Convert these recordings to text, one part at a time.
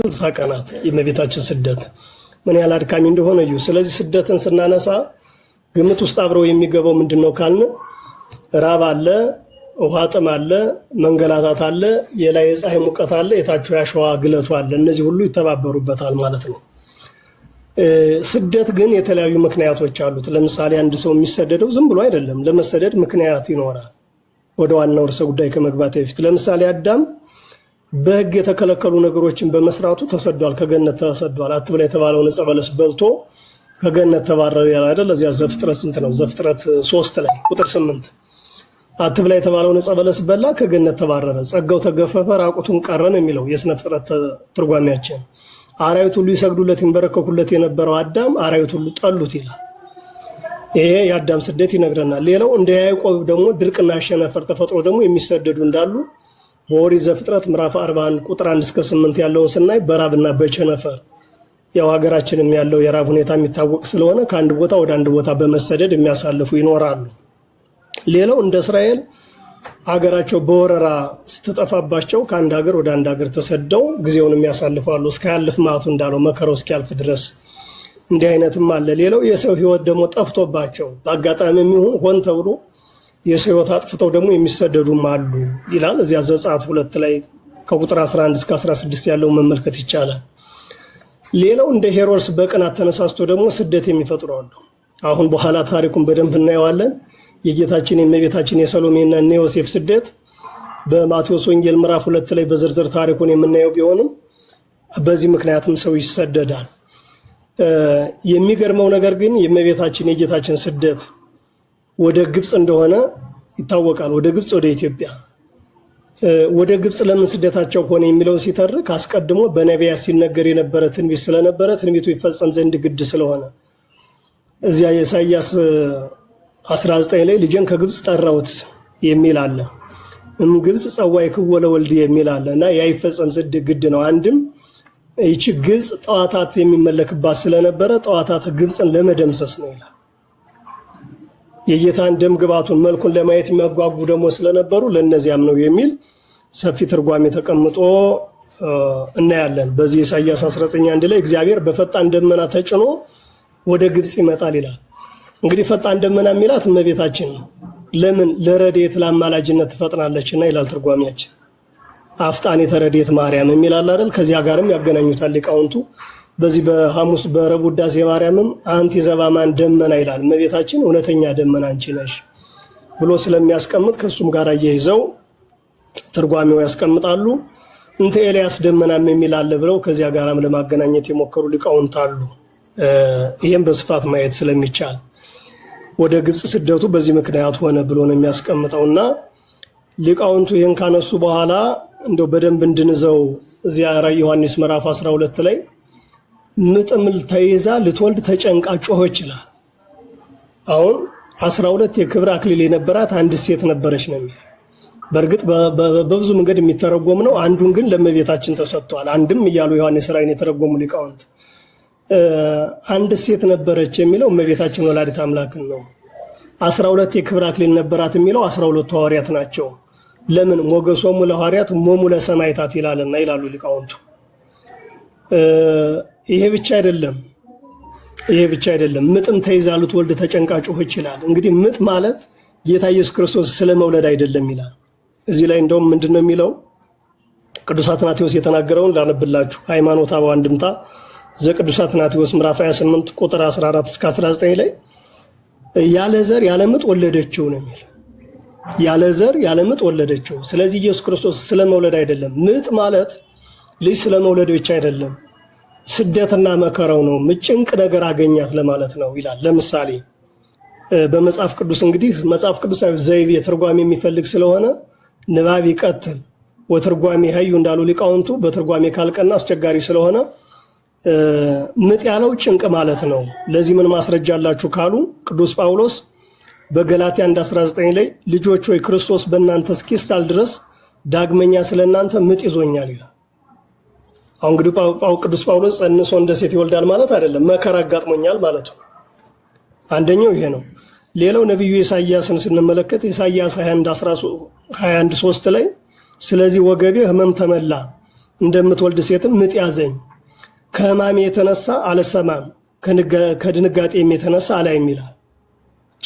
ስልሳ ቀናት የእመቤታችን ስደት ምን ያህል አድካሚ እንደሆነ እዩ። ስለዚህ ስደትን ስናነሳ ግምት ውስጥ አብረው የሚገባው ምንድን ነው ካልን ራብ አለ፣ ውሃ ጥም አለ፣ መንገላታት አለ፣ የላይ የፀሐይ ሙቀት አለ፣ የታች ያሸዋ ግለቱ አለ። እነዚህ ሁሉ ይተባበሩበታል ማለት ነው። ስደት ግን የተለያዩ ምክንያቶች አሉት። ለምሳሌ አንድ ሰው የሚሰደደው ዝም ብሎ አይደለም። ለመሰደድ ምክንያት ይኖራል። ወደ ዋናው ርዕሰ ጉዳይ ከመግባት በፊት ለምሳሌ አዳም በህግ የተከለከሉ ነገሮችን በመስራቱ ተሰዷል፣ ከገነት ተሰዷል። አትብላ የተባለውን ዕፀ በለስ በልቶ ከገነት ተባረረ ያለ አይደል? እዚያ ዘፍጥረት ስንት ነው? ዘፍጥረት ሶስት ላይ ቁጥር ስምንት አትብላ የተባለውን ዕፀ በለስ በላ፣ ከገነት ተባረረ፣ ጸጋው ተገፈፈ፣ ራቁቱን ቀረን የሚለው የስነ ፍጥረት ትርጓሚያችን። አራዊት ሁሉ ይሰግዱለት ይንበረከኩለት የነበረው አዳም አራዊት ሁሉ ጠሉት ይላል። ይሄ የአዳም ስደት ይነግረናል። ሌላው እንደ ያዕቆብ ደግሞ ድርቅና ሸነፈር ተፈጥሮ ደግሞ የሚሰደዱ እንዳሉ በኦሪት ዘፍጥረት ምዕራፍ 41 ቁጥር 1 እስከ 8 ያለውን ስናይ በራብና በቸነፈር ያው ሀገራችንም ያለው የራብ ሁኔታ የሚታወቅ ስለሆነ ከአንድ ቦታ ወደ አንድ ቦታ በመሰደድ የሚያሳልፉ ይኖራሉ። ሌላው እንደ እስራኤል ሀገራቸው በወረራ ስትጠፋባቸው ከአንድ ሀገር ወደ አንድ ሀገር ተሰደው ጊዜውን የሚያሳልፋሉ። እስካያልፍ ማቱ እንዳለው መከራው እስኪያልፍ ድረስ እንዲህ አይነትም አለ። ሌላው የሰው ህይወት ደግሞ ጠፍቶባቸው በአጋጣሚ የሚሆን ሆን ተብሎ የሰው ሕይወት አጥፍተው ደግሞ የሚሰደዱም አሉ ይላል። እዚያ ዘጸአት ሁለት ላይ ከቁጥር 11 እስከ 16 ያለው መመልከት ይቻላል። ሌላው እንደ ሄሮድስ በቅናት ተነሳስቶ ደግሞ ስደት የሚፈጥሩ አሉ። አሁን በኋላ ታሪኩን በደንብ እናየዋለን። የጌታችን የእመቤታችን የሰሎሜና እነ ዮሴፍ ስደት በማቴዎስ ወንጌል ምዕራፍ ሁለት ላይ በዝርዝር ታሪኩን የምናየው ቢሆንም በዚህ ምክንያትም ሰው ይሰደዳል። የሚገርመው ነገር ግን የእመቤታችን የጌታችን ስደት ወደ ግብፅ እንደሆነ ይታወቃል። ወደ ግብፅ፣ ወደ ኢትዮጵያ። ወደ ግብፅ ለምን ስደታቸው ሆነ የሚለውን ሲተርክ አስቀድሞ በነቢያት ሲነገር የነበረ ትንቢት ስለነበረ ትንቢቱ ይፈጸም ዘንድ ግድ ስለሆነ እዚያ የኢሳያስ 19 ላይ ልጄን ከግብፅ ጠራውት የሚል አለ። እም ግብፅ ጸዋይ ክወለ ወልድ የሚል አለ እና ያ ይፈጸም ዘንድ ግድ ነው። አንድም ይቺ ግብፅ ጠዋታት የሚመለክባት ስለነበረ ጠዋታት ግብፅን ለመደምሰስ ነው ይላል። የጌታን ደም ግባቱን መልኩን ለማየት የሚያጓጉ ደግሞ ስለነበሩ ለእነዚያም ነው የሚል ሰፊ ትርጓሜ ተቀምጦ እናያለን። በዚህ ኢሳያስ 19 አንድ ላይ እግዚአብሔር በፈጣን ደመና ተጭኖ ወደ ግብፅ ይመጣል ይላል። እንግዲህ ፈጣን ደመና የሚላት እመቤታችን ነው። ለምን ለረድኤት ለአማላጅነት ትፈጥናለችና ይላል ትርጓሜያችን። አፍጣኔ ተረድኤት ማርያም የሚላል አይደል? ከዚያ ጋርም ያገናኙታል ሊቃውንቱ። በዚህ በሐሙስ በረቡዕ ውዳሴ ማርያምም አንቲ ዘባማን ደመና ይላል። እመቤታችን እውነተኛ ደመና አንቺ ነሽ ብሎ ስለሚያስቀምጥ ከእሱም ጋር እየይዘው ትርጓሚው ያስቀምጣሉ። እንተ ኤልያስ ደመናም የሚል አለ ብለው ከዚያ ጋራም ለማገናኘት የሞከሩ ሊቃውንት አሉ። ይህም በስፋት ማየት ስለሚቻል ወደ ግብፅ ስደቱ በዚህ ምክንያት ሆነ ብሎ ነው የሚያስቀምጠውና ሊቃውንቱ ይህን ካነሱ በኋላ እንደው በደንብ እንድንዘው እዚያ ራዕየ ዮሐንስ ምዕራፍ 12 ላይ ምጥምል ተይዛ ልትወልድ ተጨንቃ ጮኸ ይችላል። አሁን አስራ ሁለት የክብር አክሊል የነበራት አንድ ሴት ነበረች ነው የሚል በእርግጥ በብዙ መንገድ የሚተረጎም ነው። አንዱን ግን ለመቤታችን ተሰጥቷል። አንድም እያሉ ዮሐንስ ራእይን የተረጎሙ ሊቃውንት አንድ ሴት ነበረች የሚለው እመቤታችን ወላዲት አምላክን ነው። አስራ ሁለት የክብር አክሊል ነበራት የሚለው አስራ ሁለቱ ሐዋርያት ናቸው። ለምን ሞገሶሙ ለሐዋርያት ሞሙ ለሰማይታት ይላልና ይላሉ ሊቃውንቱ። ይሄ ብቻ አይደለም ይሄ ብቻ አይደለም። ምጥም ተይዛሉት ወልድ ተጨንቃ ጮህ ይችላል። እንግዲህ ምጥ ማለት ጌታ ኢየሱስ ክርስቶስ ስለ መውለድ አይደለም ይላል። እዚህ ላይ እንደውም ምንድን ነው የሚለው ቅዱስ አትናቴዎስ የተናገረውን ላነብላችሁ። ሃይማኖተ አበው አንድምታ ዘቅዱስ አትናቴዎስ ምዕራፍ 28 ቁጥር 14 እስከ 19 ላይ ያለ ዘር ያለ ምጥ ወለደችው ነው የሚል ያለ ዘር ያለ ምጥ ወለደችው። ስለዚህ ኢየሱስ ክርስቶስ ስለ መውለድ አይደለም። ምጥ ማለት ልጅ ስለ መውለድ ብቻ አይደለም። ስደትና መከራው ነው ምጭንቅ ነገር አገኛት ለማለት ነው ይላል። ለምሳሌ በመጽሐፍ ቅዱስ እንግዲህ መጽሐፍ ቅዱስ ዘይቤ ትርጓሜ የሚፈልግ ስለሆነ ንባብ ይቀትል ወትርጓሜ ሀዩ እንዳሉ ሊቃውንቱ በትርጓሚ ካልቀና አስቸጋሪ ስለሆነ ምጥ ያለው ጭንቅ ማለት ነው። ለዚህ ምን ማስረጃ አላችሁ ካሉ ቅዱስ ጳውሎስ በገላትያ 1:19 ላይ ልጆች ሆይ ክርስቶስ በእናንተ እስኪሳል ድረስ ዳግመኛ ስለ እናንተ ምጥ ይዞኛል ይላል። አሁን እንግዲህ ቅዱስ ጳውሎስ ጸንሶ እንደ ሴት ይወልዳል ማለት አይደለም፣ መከራ አጋጥሞኛል ማለት ነው። አንደኛው ይሄ ነው። ሌላው ነቢዩ ኢሳያስን ስንመለከት ኢሳያስ 21 3 ላይ ስለዚህ ወገቤ ህመም ተመላ፣ እንደምትወልድ ሴትም ምጥ ያዘኝ፣ ከህማሜ የተነሳ አልሰማም፣ ከድንጋጤም የተነሳ አላይም ይላል።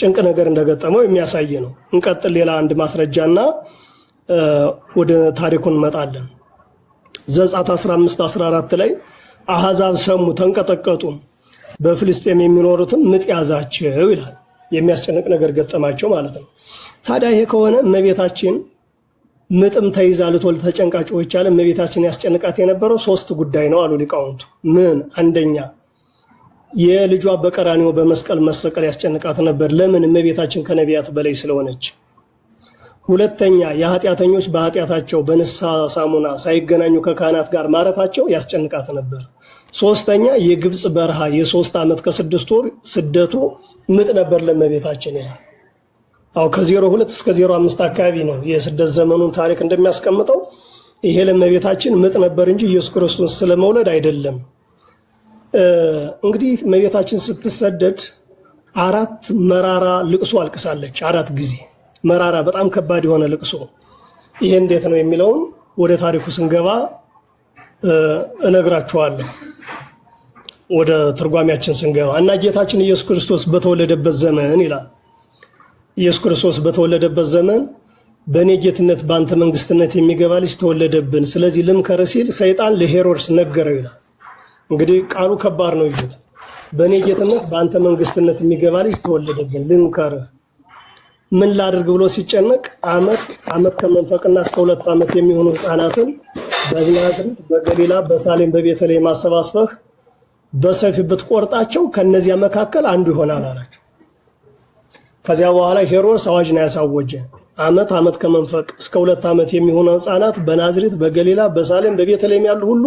ጭንቅ ነገር እንደገጠመው የሚያሳይ ነው። እንቀጥል። ሌላ አንድ ማስረጃና ወደ ታሪኩ እንመጣለን። ዘጻት 15 14 ላይ አሕዛብ ሰሙ ተንቀጠቀጡም፣ በፍልስጤም የሚኖሩትም ምጥ ያዛቸው ይላል። የሚያስጨንቅ ነገር ገጠማቸው ማለት ነው። ታዲያ ይሄ ከሆነ እመቤታችን ምጥም ተይዛ ልትወልድ ተጨንቃ አለ። እመቤታችን ያስጨንቃት የነበረው ሶስት ጉዳይ ነው አሉ ሊቃውንቱ። ምን? አንደኛ የልጇ በቀራንዮ በመስቀል መሰቀል ያስጨንቃት ነበር። ለምን? እመቤታችን ከነቢያት በላይ ስለሆነች ሁለተኛ የኃጢአተኞች በኃጢአታቸው በንስሐ ሳሙና ሳይገናኙ ከካህናት ጋር ማረፋቸው ያስጨንቃት ነበር። ሶስተኛ የግብፅ በረሃ የሶስት ዓመት ከስድስት ወር ስደቱ ምጥ ነበር ለመቤታችን ይላል። አዎ ከዜሮ ሁለት እስከ ዜሮ አምስት አካባቢ ነው የስደት ዘመኑን ታሪክ እንደሚያስቀምጠው። ይሄ ለመቤታችን ምጥ ነበር እንጂ ኢየሱስ ክርስቶስ ስለመውለድ አይደለም። እንግዲህ መቤታችን ስትሰደድ አራት መራራ ልቅሶ አልቅሳለች አራት ጊዜ መራራ፣ በጣም ከባድ የሆነ ልቅሶ። ይሄ እንዴት ነው የሚለውን ወደ ታሪኩ ስንገባ እነግራችኋለሁ። ወደ ትርጓሚያችን ስንገባ እና ጌታችን ኢየሱስ ክርስቶስ በተወለደበት ዘመን ይላል። ኢየሱስ ክርስቶስ በተወለደበት ዘመን በእኔ ጌትነት በአንተ መንግስትነት የሚገባ ልጅ ተወለደብን፣ ስለዚህ ልምከር ሲል ሰይጣን ለሄሮድስ ነገረው ይላል። እንግዲህ ቃሉ ከባድ ነው ይሉት። በእኔ ጌትነት በአንተ መንግስትነት የሚገባ ልጅ ተወለደብን ልምከርህ ምን ላድርግ ብሎ ሲጨነቅ አመት አመት ከመንፈቅና እስከ ሁለት ዓመት የሚሆኑ ህፃናትን በናዝሬት፣ በገሊላ፣ በሳሌም፣ በቤተልሔም ማሰባስበህ በሰፊ ብትቆርጣቸው ከነዚያ መካከል አንዱ ይሆናል አላቸው። ከዚያ በኋላ ሄሮድስ አዋጅን ያሳወጀ አመት አመት ከመንፈቅ እስከ ሁለት ዓመት የሚሆኑ ህፃናት በናዝሬት፣ በገሊላ፣ በሳሌም፣ በቤተልሔም ያሉ ሁሉ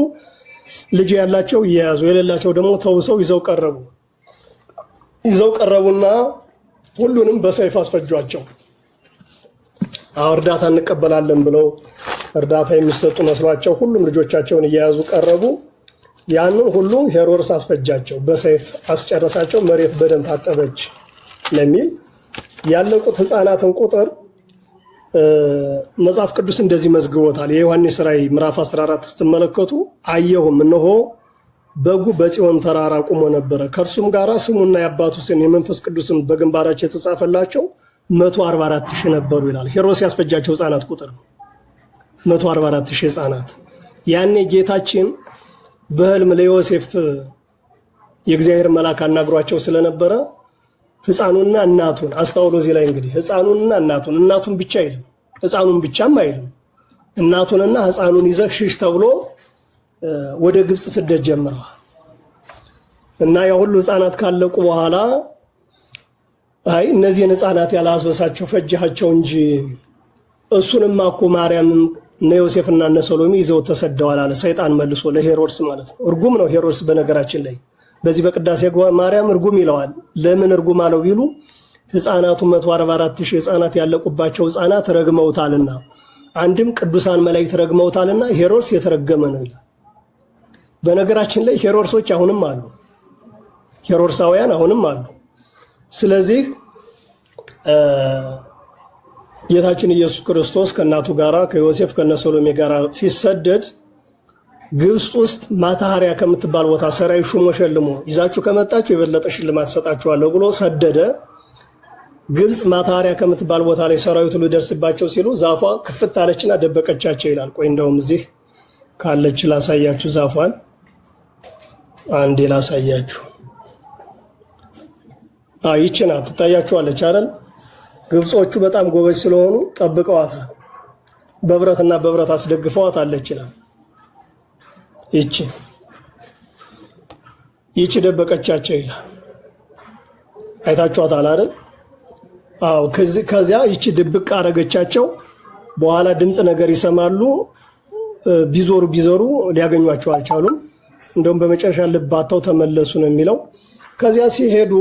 ልጅ ያላቸው ይያዙ፣ የሌላቸው ደግሞ ተውሰው ይዘው ቀረቡ ይዘው ቀረቡና ሁሉንም በሰይፍ አስፈጇቸው። እርዳታ እንቀበላለን ብለው እርዳታ የሚሰጡ መስሏቸው ሁሉም ልጆቻቸውን እየያዙ ቀረቡ። ያንን ሁሉ ሄሮድስ አስፈጃቸው፣ በሰይፍ አስጨረሳቸው። መሬት በደም ታጠበች ለሚል ያለቁት ህፃናትን ቁጥር መጽሐፍ ቅዱስ እንደዚህ መዝግቦታል። የዮሐንስ ራእይ ምዕራፍ 14 ስትመለከቱ አየሁም እነሆ በጉ በጽዮን ተራራ ቆሞ ነበረ። ከእርሱም ጋር ስሙና የአባቱ ስም የመንፈስ ቅዱስም በግንባራቸው የተጻፈላቸው 144 ሺህ ነበሩ ይላል። ሄሮስ ያስፈጃቸው ህፃናት ቁጥር 144 ሺህ ህፃናት። ያኔ ጌታችን በህልም ለዮሴፍ የእግዚአብሔር መልአክ አናግሯቸው ስለነበረ ህፃኑና እናቱን አስታውሎ እዚህ ላይ እንግዲህ ህፃኑንና እናቱን እናቱን ብቻ አይልም፣ ህፃኑን ብቻም አይልም፣ እናቱንና ህፃኑን ይዘህ ሽሽ ተብሎ ወደ ግብፅ ስደት ጀምረዋል እና ያ ሁሉ ህፃናት ካለቁ በኋላ አይ እነዚህን ህፃናት ያላስበሳቸው ፈጅሃቸው እንጂ እሱንም እኮ ማርያም እነ ዮሴፍና እነ ሰሎሚ ይዘው ተሰደዋል አለ ሰይጣን መልሶ ለሄሮድስ ማለት ነው። እርጉም ነው ሄሮድስ። በነገራችን ላይ በዚህ በቅዳሴ ማርያም እርጉም ይለዋል። ለምን እርጉም አለው ቢሉ ህፃናቱ 144 ሺህ ህፃናት ያለቁባቸው ህፃናት ረግመውታልና፣ አንድም ቅዱሳን መላእክት ረግመውታልና ሄሮድስ የተረገመ ነው ይላል። በነገራችን ላይ ሄሮድሶች አሁንም አሉ፣ ሄሮድሳውያን አሁንም አሉ። ስለዚህ ጌታችን ኢየሱስ ክርስቶስ ከእናቱ ጋራ ከዮሴፍ ከነሰሎሜ ጋር ሲሰደድ ግብፅ ውስጥ ማታሃሪያ ከምትባል ቦታ ሰራዊ ሹሞ ሸልሞ ይዛችሁ ከመጣችሁ የበለጠ ሽልማት ሰጣችኋለሁ ብሎ ሰደደ። ግብፅ ማታሃሪያ ከምትባል ቦታ ላይ ሁሉ ሊደርስባቸው ሲሉ ዛፏ ክፍት አለችና ደበቀቻቸው ይላል። ቆይ እንደውም እዚህ ካለች ላሳያችሁ ዛፏን አንዴ ላሳያችሁ። ይቺ ናት ትታያችኋለች አይደል? ግብጾቹ በጣም ጎበዝ ስለሆኑ ጠብቀዋታል። በብረትና በብረት አስደግፈዋት አለችና ይቺ ይቺ ደበቀቻቸው ይላል። አይታችኋታል አይደል? አዎ። ከዚያ ይቺ ድብቅ አረገቻቸው። በኋላ ድምፅ ነገር ይሰማሉ። ቢዞሩ ቢዞሩ ሊያገኟቸው አልቻሉም። እንደውም በመጨረሻ ልባተው ተመለሱ ነው የሚለው። ከዚያ ሲሄዱ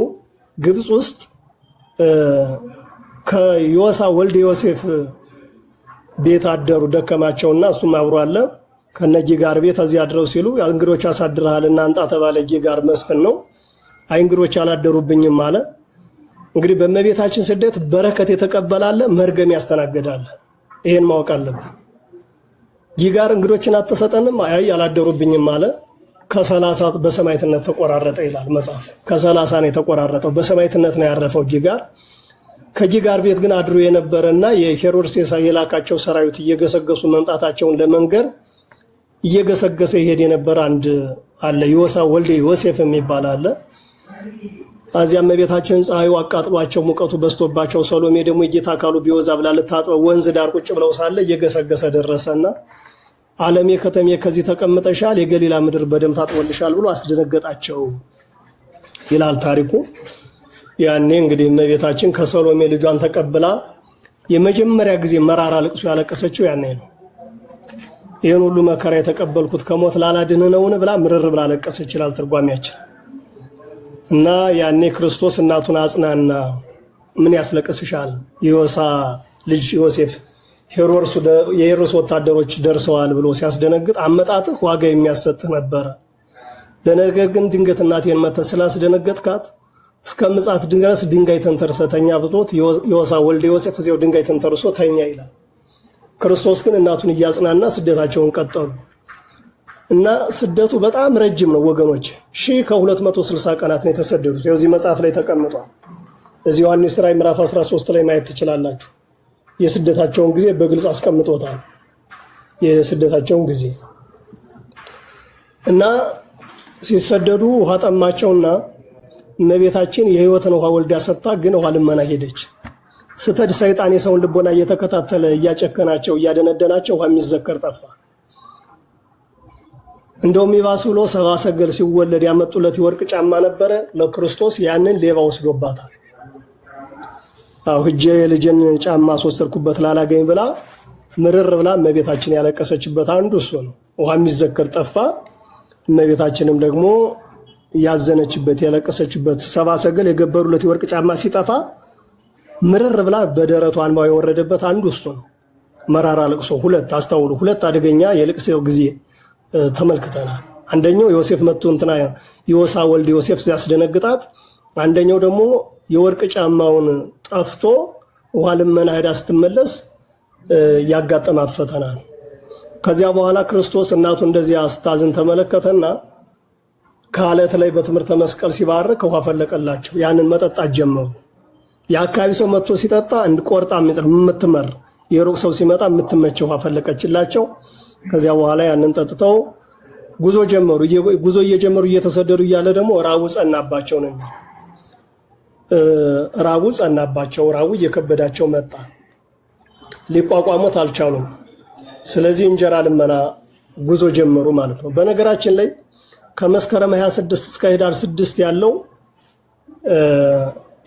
ግብፅ ውስጥ ከዮሳ ወልድ ዮሴፍ ቤት አደሩ። ደከማቸውና እሱም አብሮ አለ ከነጂ ጋር ቤት እዚህ አድረው ሲሉ እንግዶች እና አንጣ ተባለ። ጂ ጋር መስፍን ነው። አይ እንግዶች አላደሩብኝም አለ። እንግዲህ በእመቤታችን ስደት በረከት የተቀበላለ መርገም ያስተናግዳል። ይሄን ማወቅ አለብን። ጂ እንግዶችን አትሰጠንም። አይ አላደሩብኝም አለ። ከሰላሳ በሰማይትነት ተቆራረጠ ይላል መጽሐፍ። ከሰላሳ ነው የተቆራረጠው፣ በሰማይትነት ነው ያረፈው ጊጋር። ከጊጋር ቤት ግን አድሮ የነበረና የሄሮድስ የላካቸው ሰራዊት እየገሰገሱ መምጣታቸውን ለመንገር እየገሰገሰ ይሄድ የነበረ አንድ አለ፣ ዮሳ ወልደ ዮሴፍ የሚባል አለ። አዚያም እመቤታችን ፀሐዩ አቃጥሏቸው ሙቀቱ በስቶባቸው ሰሎሜ ደግሞ የጌታ አካሉ ቢወዛ ብላ ልታጥበው ወንዝ ዳር ቁጭ ብለው ሳለ እየገሰገሰ ደረሰና ዓለሜ ከተሜ ከዚህ ተቀምጠሻል፣ የገሊላ ምድር በደም ታጥቦልሻል ብሎ አስደነገጣቸው ይላል ታሪኩ። ያኔ እንግዲህ እመቤታችን ከሰሎሜ ልጇን ተቀብላ የመጀመሪያ ጊዜ መራራ ልቅሶ ያለቀሰችው ያኔ ነው። ይህን ሁሉ መከራ የተቀበልኩት ከሞት ላላድን ነውን ብላ ምርር ብላ ለቀሰች ይላል ትርጓሚያችን። እና ያኔ ክርስቶስ እናቱን አጽናና፣ ምን ያስለቅስሻል? ዮሳ ልጅ ዮሴፍ የሄሮድስ ወታደሮች ደርሰዋል ብሎ ሲያስደነግጥ አመጣጥህ ዋጋ የሚያሰጥህ ነበረ። ለነገር ግን ድንገት እናቴን መተ ስላስደነገጥካት እስከ ምጻት ድረስ ድንጋይ ተንተርሰ ተኛ ብሎት ዮሳ ወልደ ዮሴፍ እዚያው ድንጋይ ተንተርሶ ተኛ ይላል። ክርስቶስ ግን እናቱን እያጽናና ስደታቸውን ቀጠሉ እና ስደቱ በጣም ረጅም ነው ወገኖች። ሺህ ከ260 ቀናት ነው የተሰደዱት። የዚህ መጽሐፍ ላይ ተቀምጧል። እዚህ ዮሐንስ ራዕይ ምዕራፍ 13 ላይ ማየት ትችላላችሁ። የስደታቸውን ጊዜ በግልጽ አስቀምጦታል። የስደታቸውን ጊዜ እና ሲሰደዱ ውሃ ጠማቸውና እመቤታችን የህይወትን ውሃ ወልዳ ሰጥታ ግን ውሃ ልመና ሄደች። ስተድ ሰይጣን የሰውን ልቦና እየተከታተለ እያጨከናቸው እያደነደናቸው ውሃ የሚዘከር ጠፋ። እንደውም ይባስ ብሎ ሰብአ ሰገል ሲወለድ ያመጡለት የወርቅ ጫማ ነበረ ለክርስቶስ። ያንን ሌባ ወስዶባታል። ሂጄ የልጅን ጫማ አስወሰድኩበት ላላገኝ ብላ ምርር ብላ እመቤታችን ያለቀሰችበት አንዱ እሱ ነው። ውሃ የሚዘከር ጠፋ። እመቤታችንም ደግሞ ያዘነችበት ያለቀሰችበት ሰባ ሰገል የገበሩለት የወርቅ ጫማ ሲጠፋ ምርር ብላ በደረቷ አንባ የወረደበት አንዱ እሱ ነው። መራራ ልቅሶ ሁለት አስታውሉ፣ ሁለት አደገኛ የልቅሶ ጊዜ ተመልክተናል። አንደኛው ዮሴፍ መጥቶ እንትና ይወሳ ወልድ ዮሴፍ ሲያስደነግጣት፣ አንደኛው ደግሞ የወርቅ ጫማውን ጠፍቶ ውሃ ልመና ሄዳ ስትመለስ ያጋጠማት ፈተና ነው። ከዚያ በኋላ ክርስቶስ እናቱ እንደዚያ ስታዝን ተመለከተና ከአለት ላይ በትምህርተ መስቀል ሲባርክ ውሃ ፈለቀላቸው። ያንን መጠጣት ጀመሩ። የአካባቢ ሰው መጥቶ ሲጠጣ እንድቆርጣ የምትመር የሩቅ ሰው ሲመጣ የምትመቸው ውሃ ፈለቀችላቸው። ከዚያ በኋላ ያንን ጠጥተው ጉዞ ጀመሩ። ጉዞ እየጀመሩ እየተሰደዱ እያለ ደግሞ ራቡ ጸናባቸው ነው። ራቡ ጸናባቸው። ራቡ እየከበዳቸው መጣ። ሊቋቋሙት አልቻሉም። ስለዚህ እንጀራ ልመና ጉዞ ጀመሩ ማለት ነው። በነገራችን ላይ ከመስከረም 26 እስከ ህዳር 6 ያለው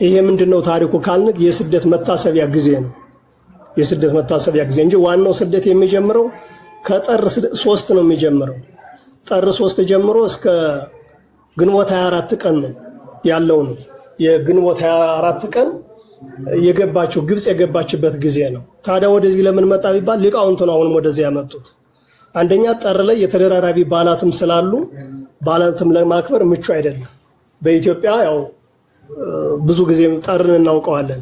ይሄ ምንድነው ታሪኩ ካልን የስደት መታሰቢያ ጊዜ ነው። የስደት መታሰቢያ ጊዜ እንጂ ዋናው ስደት የሚጀምረው ከጥር ሶስት ነው የሚጀምረው። ጥር ሶስት ጀምሮ እስከ ግንቦት 24 ቀን ነው ያለው ነው። የግንቦት 24 ቀን የገባችው ግብፅ የገባችበት ጊዜ ነው። ታዲያ ወደዚህ ለምን መጣ ቢባል ሊቃውንቱ ነው አሁንም ወደዚህ ያመጡት። አንደኛ ጠር ላይ የተደራራቢ በዓላትም ስላሉ በዓላትም ለማክበር ምቹ አይደለም። በኢትዮጵያ ያው ብዙ ጊዜም ጠርን እናውቀዋለን።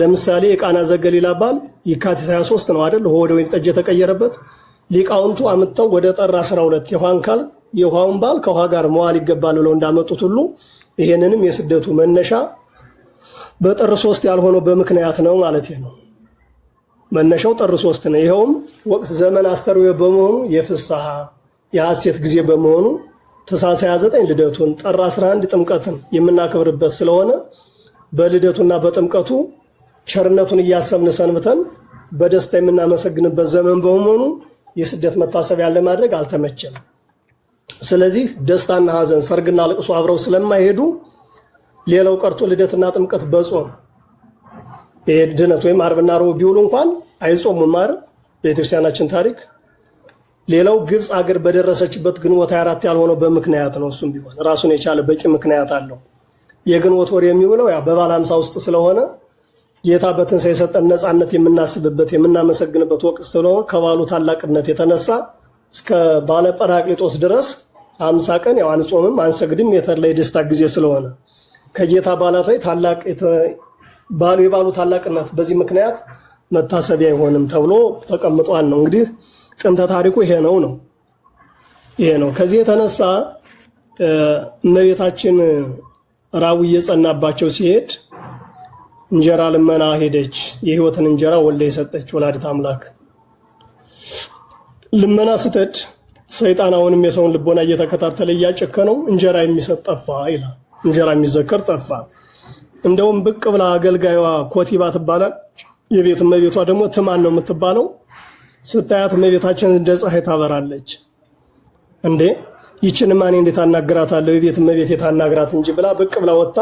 ለምሳሌ የቃና ዘገሊላ በዓል የካቲት 23 ነው አይደል? ወደ ወይን ጠጅ የተቀየረበት። ሊቃውንቱ አምጥተው ወደ ጠር 12 የውሃን ካል የውሃውን በዓል ከውሃ ጋር መዋል ይገባል ብለው እንዳመጡት ሁሉ ይሄንንም የስደቱ መነሻ በጥር ሶስት ያልሆነው በምክንያት ነው ማለት ነው። መነሻው ጥር ሶስት ነው። ይኸውም ወቅት ዘመን አስተርዮ በመሆኑ የፍስሐ የሐሴት ጊዜ በመሆኑ ተሳሳ 29 ልደቱን ጥር 11 ጥምቀትን የምናከብርበት ስለሆነ በልደቱና በጥምቀቱ ቸርነቱን እያሰብን ሰንብተን በደስታ የምናመሰግንበት ዘመን በመሆኑ የስደት መታሰቢያ ለማድረግ አልተመቸም። ስለዚህ ደስታና ሐዘን ሰርግና ልቅሶ አብረው ስለማይሄዱ ሌላው ቀርቶ ልደትና ጥምቀት በጾም ድነት ወይም አርብና ረቡዕ ቢውሉ እንኳን አይጾሙም። ማር ቤተክርስቲያናችን ታሪክ ሌላው ግብፅ አገር በደረሰችበት ግንቦት 24 ያልሆነው በምክንያት ነው። እሱም ቢሆን ራሱን የቻለ በቂ ምክንያት አለው። የግንቦት ወር የሚውለው ያ በባለ ሃምሳ ውስጥ ስለሆነ ጌታ በትንሣኤ የሰጠን ነፃነት የምናስብበት የምናመሰግንበት ወቅት ስለሆነ ከባሉ ታላቅነት የተነሳ እስከ ባለ ጰራቅሊጦስ ድረስ አምሳ ቀን ያው አንጾምም አንሰግድም የተለየ ደስታ ጊዜ ስለሆነ ከጌታ በዓላት ላይ ታላቅ ባሉ የባሉ ታላቅነት በዚህ ምክንያት መታሰቢያ አይሆንም ተብሎ ተቀምጧል። ነው እንግዲህ ጥንተ ታሪኩ ይሄ ነው ነው ይሄ ነው። ከዚህ የተነሳ እመቤታችን ራቡ እየጸናባቸው ሲሄድ እንጀራ ልመና ሄደች። የህይወትን እንጀራ ወልዳ የሰጠች ወላዲት አምላክ ልመና ስተድ ሰይጣን አሁንም የሰውን ልቦና እየተከታተለ እያጨከነው እንጀራ የሚሰጥ ጠፋ ይላል። እንጀራ የሚዘከር ጠፋ። እንደውም ብቅ ብላ አገልጋዩዋ ኮቲባ ትባላል። የቤት እመቤቷ ደግሞ ትማን ነው የምትባለው። ስታያት እመቤታችን እንደ ፀሐይ ታበራለች። እንዴ ይችን ማኔ እንዴት አናግራታለሁ? የቤት እመቤት የታናግራት እንጂ ብላ ብቅ ብላ ወጣ።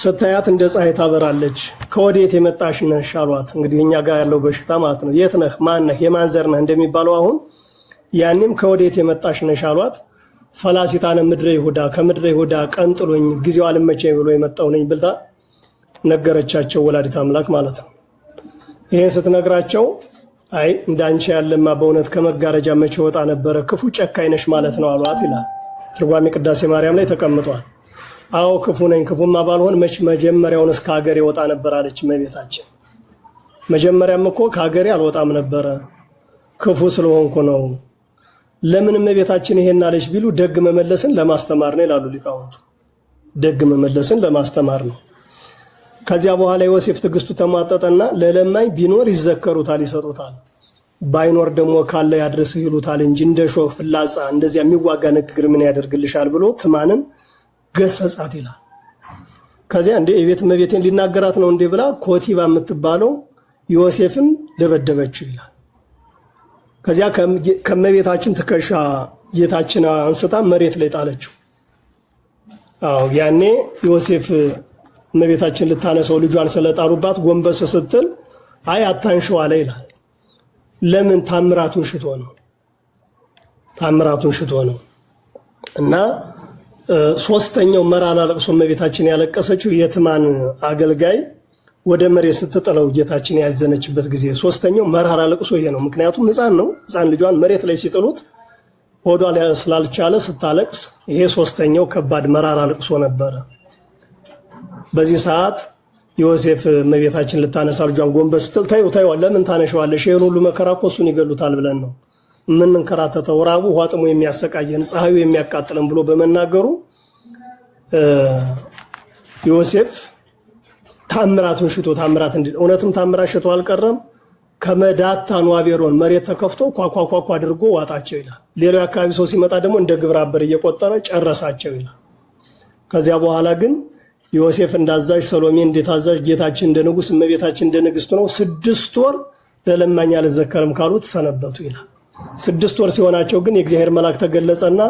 ስታያት እንደ ፀሐይ ታበራለች። ከወዴት የመጣሽ ነሽ አሏት። እንግዲህ እኛ ጋር ያለው በሽታ ማለት ነው። የት ነህ፣ ማን ነህ፣ የማንዘር ነህ እንደሚባለው አሁን ያኔም ከወዴት የመጣሽ ነሽ አሏት። ፈላሲታነ ምድረ ይሁዳ ከምድረ ይሁዳ ቀንጥሎኝ ጊዜው አልመቸኝ ብሎ የመጣው ነኝ ብልታ ነገረቻቸው። ወላዲት አምላክ ማለት ነው። ይህን ስትነግራቸው አይ እንዳንቺ ያለማ በእውነት ከመጋረጃ መቼ ወጣ ነበረ ክፉ ጨካኝ ነሽ ማለት ነው አሏት ይላል ትርጓሜ ቅዳሴ ማርያም ላይ ተቀምጧል። አዎ ክፉ ነኝ፣ ክፉማ ባልሆን መች መጀመሪያውን እስከ ሀገሬ ወጣ ነበር አለች እመቤታችን። መጀመሪያም እኮ ከሀገሬ አልወጣም ነበረ ክፉ ስለሆንኩ ነው። ለምን እመቤታችን ይሄን አለች ቢሉ ደግ መመለስን ለማስተማር ነው ይላሉ ሊቃውንቱ። ደግ መመለስን ለማስተማር ነው። ከዚያ በኋላ ዮሴፍ ትዕግስቱ ተሟጠጠና ለለማኝ ቢኖር ይዘከሩታል፣ ይሰጡታል ባይኖር ደግሞ ካለ ያድርስህ ይሉታል እንጂ እንደ ሾህ ፍላጻ እንደዚያ የሚዋጋ ንግግር ምን ያደርግልሻል ብሎ ትማንን ገሰጻት ይላል። ከዚያ እንደ የቤት መቤቴን ሊናገራት ነው እንዴ ብላ ኮቲባ የምትባለው ዮሴፍን ደበደበችው ይላል። ከዚያ ከእመቤታችን ትከሻ ጌታችን አንስታ መሬት ላይ ጣለችው። አዎ ያኔ ዮሴፍ እመቤታችን ልታነሰው ልጇን ስለጣሩባት ጎንበስ ስትል አይ አታንሸው አለ ይላል። ለምን? ታምራቱን ሽቶ ነው። ታምራቱን ሽቶ ነው እና ሶስተኛው መራራ ለቅሶ እመቤታችን ያለቀሰችው የትማን አገልጋይ ወደ መሬት ስትጥለው ጌታችን ያዘነችበት ጊዜ ሶስተኛው መራራ ለቅሶ ይሄ ነው። ምክንያቱም ህፃን ነው። ህፃን ልጇን መሬት ላይ ሲጥሉት ሆዷ ስላልቻለ ስታለቅስ፣ ይሄ ሶስተኛው ከባድ መራራ ለቅሶ ነበረ። በዚህ ሰዓት ዮሴፍ እመቤታችን ልታነሳ ልጇን ጎንበስ ስትል ታዩ ታዩ፣ ለምን ታነሸዋለሽ? ይሄን ሁሉ መከራ እኮ እሱን ይገሉታል ብለን ነው የምንንከራተተው ራቡ ኋጥሞ የሚያሰቃየን ፀሐዩ የሚያቃጥለን ብሎ በመናገሩ ዮሴፍ ታምራቱን ሽቶ ታምራት እንዲ እውነትም ታምራት ሽቶ አልቀረም። ከመዳታ ኗቤሮን መሬት ተከፍቶ ኳኳኳኳ አድርጎ ዋጣቸው ይላል። ሌላው አካባቢ ሰው ሲመጣ ደግሞ እንደ ግብረ አበር እየቆጠረ ጨረሳቸው ይላል። ከዚያ በኋላ ግን ዮሴፍ እንዳዛዥ፣ ሰሎሜ እንደታዛዥ፣ ጌታችን እንደ ንጉስ እመቤታችን እንደ ንግስቱ ነው ስድስት ወር ለለማኝ አልዘከርም ካሉት ሰነበቱ ይላል። ስድስት ወር ሲሆናቸው ግን የእግዚአብሔር መልአክ ተገለጸና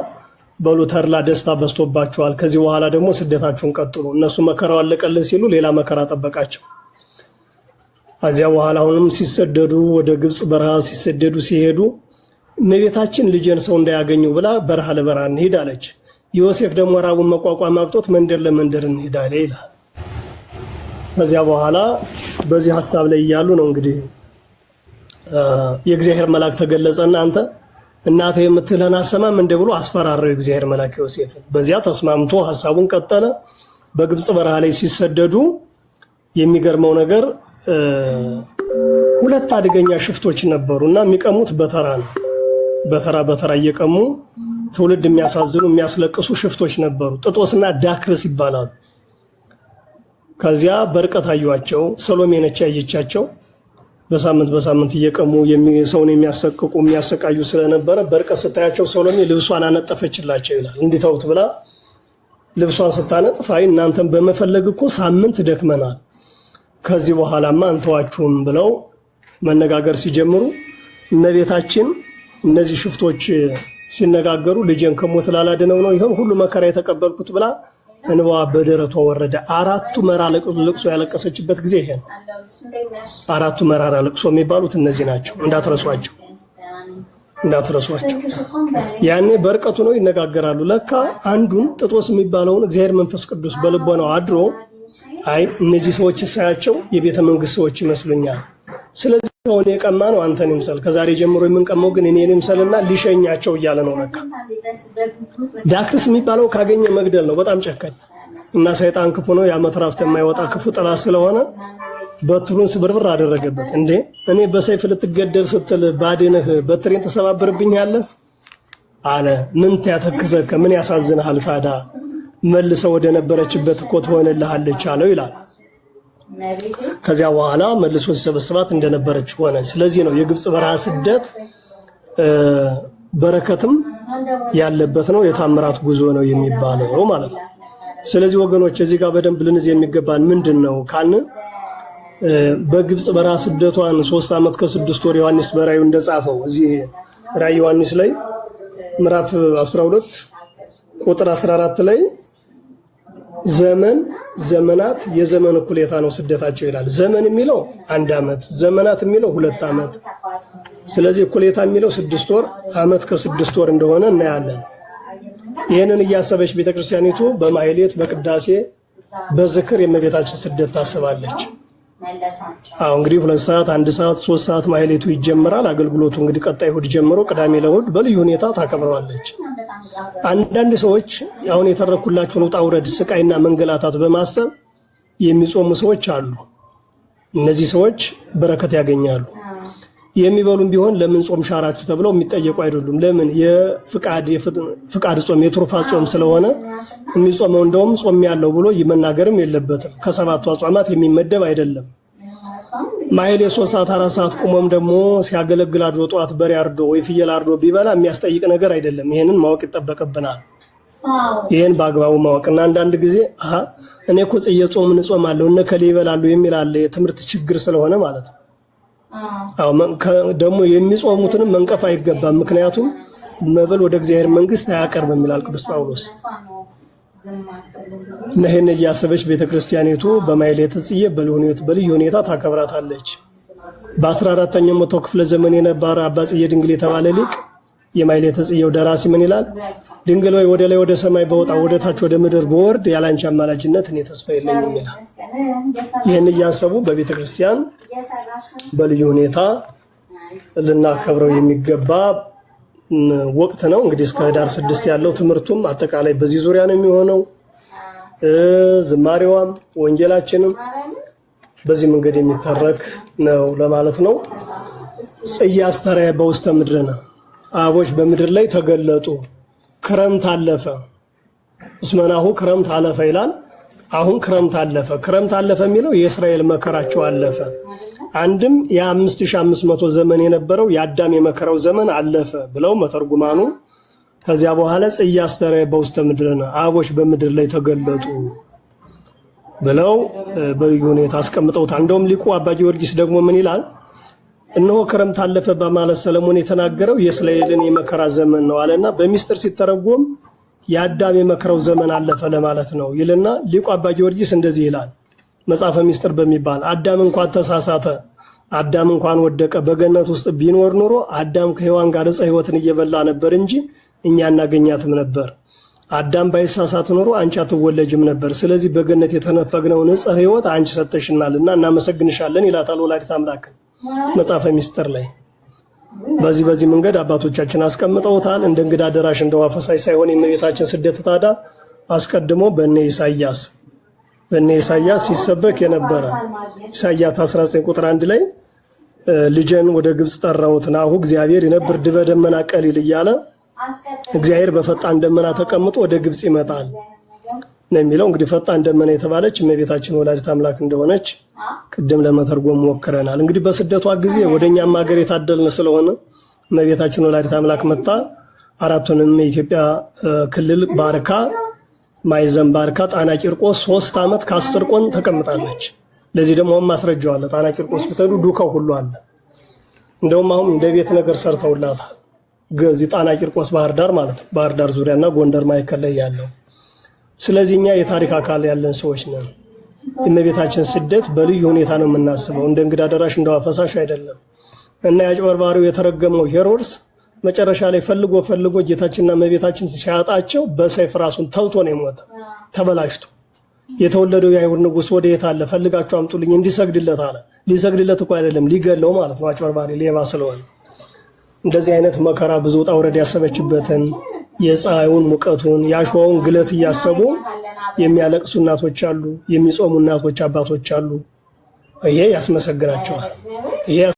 በሉተርላ ደስታ በዝቶባቸዋል፣ ከዚህ በኋላ ደግሞ ስደታቸውን ቀጥሉ። እነሱ መከራው አለቀልን ሲሉ ሌላ መከራ ጠበቃቸው። ከዚያ በኋላ አሁንም ሲሰደዱ ወደ ግብፅ በረሃ ሲሰደዱ ሲሄዱ እመቤታችን ልጄን ሰው እንዳያገኙ ብላ በረሃ ለበረሃ እንሂድ አለች። ዮሴፍ ደግሞ ራቡን መቋቋም አቅቶት መንደር ለመንደር እንሄዳለ ይላል። ከዚያ በኋላ በዚህ ሀሳብ ላይ እያሉ ነው እንግዲህ የእግዚአብሔር መልአክ ተገለጸና አንተ እናቴ የምትለን አሰማም እንደ ብሎ አስፈራረው የእግዚአብሔር መልአክ ዮሴፍን። በዚያ ተስማምቶ ሀሳቡን ቀጠለ። በግብፅ በረሃ ላይ ሲሰደዱ የሚገርመው ነገር ሁለት አደገኛ ሽፍቶች ነበሩ እና የሚቀሙት በተራ ነው። በተራ በተራ እየቀሙ ትውልድ የሚያሳዝኑ የሚያስለቅሱ ሽፍቶች ነበሩ። ጥጦስና ዳክርስ ይባላሉ። ከዚያ በርቀት አዩቸው። ሰሎሜ ነች ያየቻቸው። በሳምንት በሳምንት እየቀሙ ሰውን የሚያሰቅቁ የሚያሰቃዩ ስለነበረ በርቀት ስታያቸው ሰሎሜ ልብሷን አነጠፈችላቸው ይላል። እንዲተውት ብላ ልብሷን ስታነጥፍ አይ እናንተን በመፈለግ እኮ ሳምንት ደክመናል፣ ከዚህ በኋላማ አንተዋችሁም ብለው መነጋገር ሲጀምሩ እመቤታችን እነዚህ ሽፍቶች ሲነጋገሩ ልጄን ከሞት ላላድነው ነው ይህም ሁሉ መከራ የተቀበልኩት ብላ እንባ በደረቷ ወረደ። አራቱ መራ ልቅሶ ያለቀሰችበት ጊዜ ይሄ አራቱ መራራ ልቅሶ የሚባሉት እነዚህ ናቸው። እንዳትረሷቸው እንዳትረሷቸው። ያኔ በርቀቱ ነው ይነጋገራሉ። ለካ አንዱን ጥጦስ የሚባለውን እግዚአብሔር መንፈስ ቅዱስ በልቦ ነው አድሮ አይ እነዚህ ሰዎች ሳያቸው የቤተ መንግስት ሰዎች ይመስሉኛል ስለዚህ ሰውን የቀማ ነው አንተን ይምሰል። ከዛሬ ጀምሮ የምንቀመው ግን እኔን ይምሰልና ሊሸኛቸው እያለ ነው። በቃ ዳክርስ የሚባለው ካገኘ መግደል ነው። በጣም ጨካኝ እና ሰይጣን ክፉ ነው። የዓመት ራፍት የማይወጣ ክፉ ጠላት ስለሆነ በትሩን ስብርብር አደረገበት። እንዴ እኔ በሰይፍ ልትገደል ስትል ባድንህ በትሬን ተሰባብርብኝ አለ። ምን ያተክዘከ ምን ያሳዝንሃል ታዳ መልሰው ወደ ነበረችበት እኮ ትሆንልሃለች አለው ይላል። ከዚያ በኋላ መልሶ ሲሰበስባት እንደነበረች ሆነ። ስለዚህ ነው የግብፅ በረሃ ስደት በረከትም ያለበት ነው፣ የታምራት ጉዞ ነው የሚባለው ማለት ነው። ስለዚህ ወገኖች እዚህ ጋር በደንብ ልንዝ የሚገባን ምንድን ነው ካልን በግብፅ በረሃ ስደቷን ሶስት ዓመት ከስድስት ወር ዮሐንስ በራዩ እንደጻፈው እዚህ ራእይ ዮሐንስ ላይ ምዕራፍ 12 ቁጥር 14 ላይ ዘመን ዘመናት የዘመን እኩሌታ ነው ስደታቸው ይላል። ዘመን የሚለው አንድ ዓመት፣ ዘመናት የሚለው ሁለት ዓመት። ስለዚህ እኩሌታ የሚለው ስድስት ወር፣ ዓመት ከስድስት ወር እንደሆነ እናያለን። ይህንን እያሰበች ቤተክርስቲያኒቱ በማህሌት በቅዳሴ በዝክር የእመቤታችን ስደት ታስባለች። አዎ እንግዲህ ሁለት ሰዓት አንድ ሰዓት ሶስት ሰዓት ማህሌቱ ይጀምራል። አገልግሎቱ እንግዲህ ቀጣይ እሑድ ጀምሮ ቅዳሜ ለእሑድ በልዩ ሁኔታ ታከብረዋለች። አንዳንድ ሰዎች አሁን የተረኩላቸውን ውጣ ውረድ፣ ስቃይና መንገላታት በማሰብ የሚጾሙ ሰዎች አሉ። እነዚህ ሰዎች በረከት ያገኛሉ። የሚበሉም ቢሆን ለምን ጾም ሻራችሁ ተብለው የሚጠየቁ አይደሉም። ለምን የፍቃድ ጾም የትሩፋ ጾም ስለሆነ የሚጾመው እንደውም ጾም ያለው ብሎ መናገርም የለበትም። ከሰባቱ አጽዋማት የሚመደብ አይደለም። ማይል የሶስት ሰዓት አራት ሰዓት ቁሞም ደግሞ ሲያገለግል አድሮ ጠዋት በሬ አርዶ ወይ ፍየል አርዶ ቢበላ የሚያስጠይቅ ነገር አይደለም። ይሄንን ማወቅ ይጠበቅብናል። ይህን በአግባቡ ማወቅ እና አንዳንድ ጊዜ እኔ እኮ ጽየ ጾምን እጾማለሁ እነ ከሌ ይበላሉ የሚል አለ የትምህርት ችግር ስለሆነ ማለት ነው ደግሞ የሚጾሙትንም መንቀፍ አይገባም፣ ምክንያቱም መብል ወደ እግዚአብሔር መንግስት አያቀርብም ይላል ቅዱስ ጳውሎስ። እና ይህን እያሰበች ቤተክርስቲያኒቱ በማኅሌተ ጽጌ በልዩ ሁኔታ ታከብራታለች። በአስራ አራተኛው መቶ ክፍለ ዘመን የነበረ አባ ጽጌ ድንግል የተባለ ሊቅ የማኅሌተ ጽጌው ደራሲ ምን ይላል? ድንግል ወይ ወደ ላይ ወደ ሰማይ በወጣ ወደ ታች ወደ ምድር በወርድ ያላንቺ አማላጅነት እኔ ተስፋ የለኝም ይላል። ይህን እያሰቡ በቤተክርስቲያን በልዩ ሁኔታ ልናከብረው የሚገባ ወቅት ነው። እንግዲህ እስከ ህዳር ስድስት ያለው ትምህርቱም አጠቃላይ በዚህ ዙሪያ ነው የሚሆነው። ዝማሬዋም ወንጌላችንም በዚህ መንገድ የሚተረክ ነው ለማለት ነው። ጽያስተርአየ በውስተ ምድርነ አበቦች በምድር ላይ ተገለጡ። ክረምት አለፈ፣ እስመናሁ ክረምት አለፈ ይላል። አሁን ክረምት አለፈ። ክረምት አለፈ የሚለው የእስራኤል መከራቸው አለፈ። አንድም የ5500 ዘመን የነበረው የአዳም የመከራው ዘመን አለፈ ብለው መተርጉማኑ ከዚያ በኋላ ጽያ አስተርአየ በውስተ ምድርነ አቦች በምድር ላይ ተገለጡ ብለው በልዩ ሁኔታ አስቀምጠውታል። እንደውም ሊቁ አባ ጊዮርጊስ ደግሞ ምን ይላል? እነሆ ክረምት አለፈ በማለት ሰለሞን የተናገረው የእስራኤልን የመከራ ዘመን ነው አለና በሚስጥር ሲተረጎም የአዳም የመከረው ዘመን አለፈ ለማለት ነው ይልና ሊቁ አባ ጊዮርጊስ እንደዚህ ይላል። መጽሐፈ ሚስጥር በሚባል አዳም እንኳን ተሳሳተ፣ አዳም እንኳን ወደቀ። በገነት ውስጥ ቢኖር ኖሮ አዳም ከሔዋን ጋር ዕፀ ሕይወትን እየበላ ነበር እንጂ እኛ እናገኛትም ነበር። አዳም ባይሳሳት ኖሮ አንቺ አትወለጅም ነበር። ስለዚህ በገነት የተነፈግነውን ዕፀ ሕይወት አንቺ እና እናመሰግንሻለን ይላታል ወላዲተ አምላክ መጽሐፈ ሚስጥር ላይ በዚህ በዚህ መንገድ አባቶቻችን አስቀምጠውታል። እንደ እንግዳ አደራሽ እንደ ውሃ ፈሳሽ ሳይሆን የእመቤታችን ስደት ታዳ አስቀድሞ በእነ ኢሳያስ በእነ ኢሳያስ ሲሰበክ የነበረ ኢሳያስ 19 ቁጥር 1 ላይ ልጄን ወደ ግብፅ ጠራሁት ናሁ እግዚአብሔር ይነብር ድበ ደመና ቀሊል እያለ እግዚአብሔር በፈጣን ደመና ተቀምጦ ወደ ግብፅ ይመጣል ነው የሚለው። እንግዲህ ፈጣን ደመና የተባለች እመቤታችን ወላዲት አምላክ እንደሆነች ቅድም ለመተርጎም ሞክረናል። እንግዲህ በስደቷ ጊዜ ወደ እኛም ሀገር የታደልን ስለሆነ እመቤታችን ወላዲት አምላክ መጣ አራቱንም የኢትዮጵያ ክልል ባርካ ማይዘን ባርካ ጣና ቂርቆስ ሶስት ዓመት ከአስር ቆን ተቀምጣለች። ለዚህ ደግሞ አሁን ማስረጃው አለ። ጣና ቂርቆስ ብትሄዱ ዱካው ሁሉ አለ። እንደውም አሁን እንደ ቤት ነገር ሰርተውላታል። ጣና ቂርቆስ ባህር ዳር ማለት ባህር ዳር ዙሪያና ጎንደር ማዕከል ላይ ያለው ስለዚህ እኛ የታሪክ አካል ያለን ሰዎች ነን። የእመቤታችን ስደት በልዩ ሁኔታ ነው የምናስበው። እንደ እንግዳ ደራሽ እንደ ፈሳሽ አይደለም እና የአጭበርባሪው የተረገመው ሄሮድስ መጨረሻ ላይ ፈልጎ ፈልጎ ጌታችንና እመቤታችን ሲያጣቸው በሰይፍ ራሱን ተልቶ ነው የሞተ ተበላሽቶ። የተወለደው የአይሁድ ንጉስ ወደ የት አለ ፈልጋቸው አምጡልኝ እንዲሰግድለት አለ። ሊሰግድለት እኮ አይደለም ሊገለው ማለት ነው። አጭበርባሪ ሌባ ስለሆነ እንደዚህ አይነት መከራ ብዙ ውጣ ውረድ ያሰበችበትን የፀሐዩን ሙቀቱን የአሸዋውን ግለት እያሰቡ የሚያለቅሱ እናቶች አሉ፣ የሚጾሙ እናቶች አባቶች አሉ። ይሄ ያስመሰግናቸዋል።